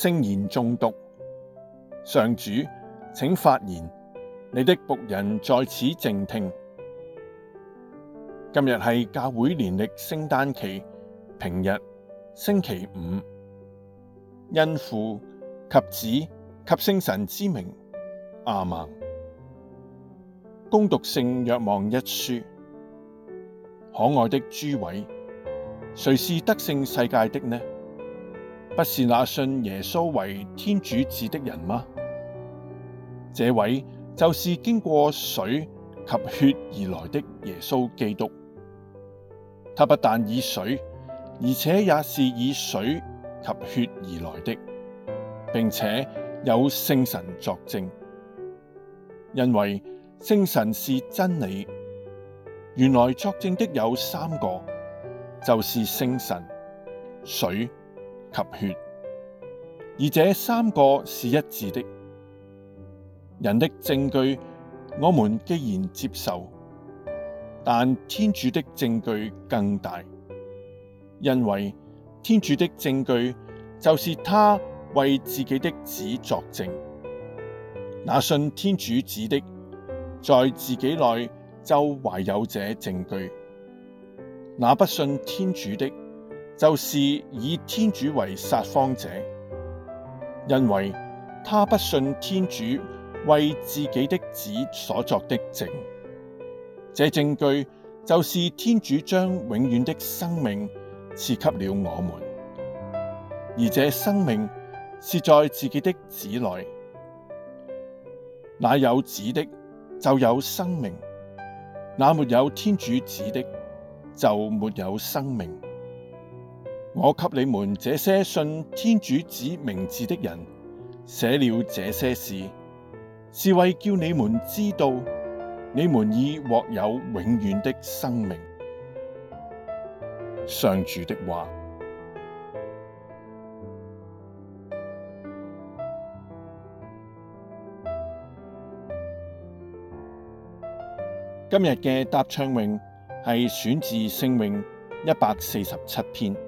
聖言誦讀，上主，請發言，你的僕人在此靜聽。今日係教會年曆聖誕期平日星期五，因父及子及聖神之名，阿門。恭讀聖若望一書，可愛的諸位，誰是得勝世界的呢？不是那信耶穌為天主子的人嗎？這位就是經過水及血而來的耶穌基督。他不但以水，而且也是以水及血而來的，並且有聖神作證，因為聖神是真理。原來作證的有三個，就是聖神、水。及血，而這三個是一致的。人的證據，我們既然接受，但天主的證據更大，因為天主的證據就是他為自己的子作證。那信天主子的，在自己內就懷有這證據；那不信天主的，就是以天主為撒謊者，因為他不信天主為自己的子所作的證。這證據就是天主將永遠的生命賜給了我們，而這生命是在自己的子內。那有子的，就有生命，那沒有天主子的，就沒有生命。我給你們這些信天主子名字的人，寫了這些事，是為叫你們知道，你們已獲有永遠的生命。上主的話。今日嘅答唱詠係選自聖詠一百四十七篇。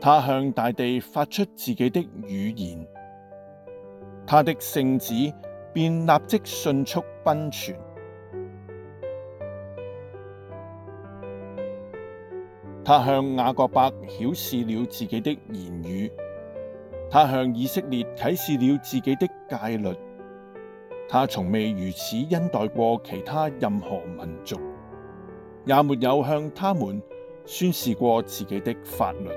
他向大地發出自己的語言，他的聖旨便立即迅速奔傳。他向雅各伯曉示了自己的言語，他向以色列啟示了自己的誡律。他從未如此恩待過其他任何民族，也沒有向他們宣示過自己的法律。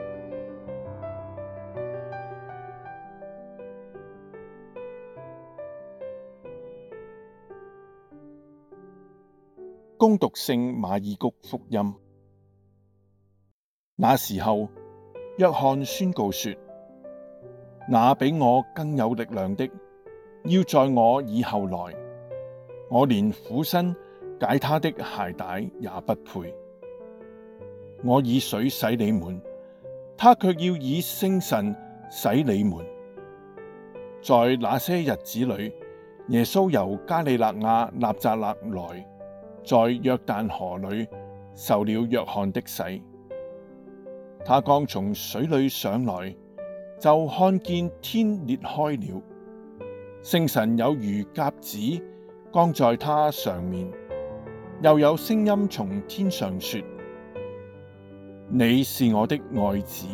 恭讀聖馬爾谷福音。那時候，若翰宣告說：那比我更有力量的，要在我以後來。我連俯身解他的鞋帶也不配。我以水洗你們，他却要以聖神洗你們。在那些日子裏，耶穌由加里肋亞納匝肋來。在約旦河裏受了若翰的洗，他剛從水裏上來，就看見天裂開了，聖神有如鴿子降在他上面，又有聲音從天上說：你是我的愛子，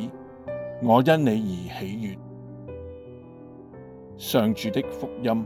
我因你而喜悅。上主的福音。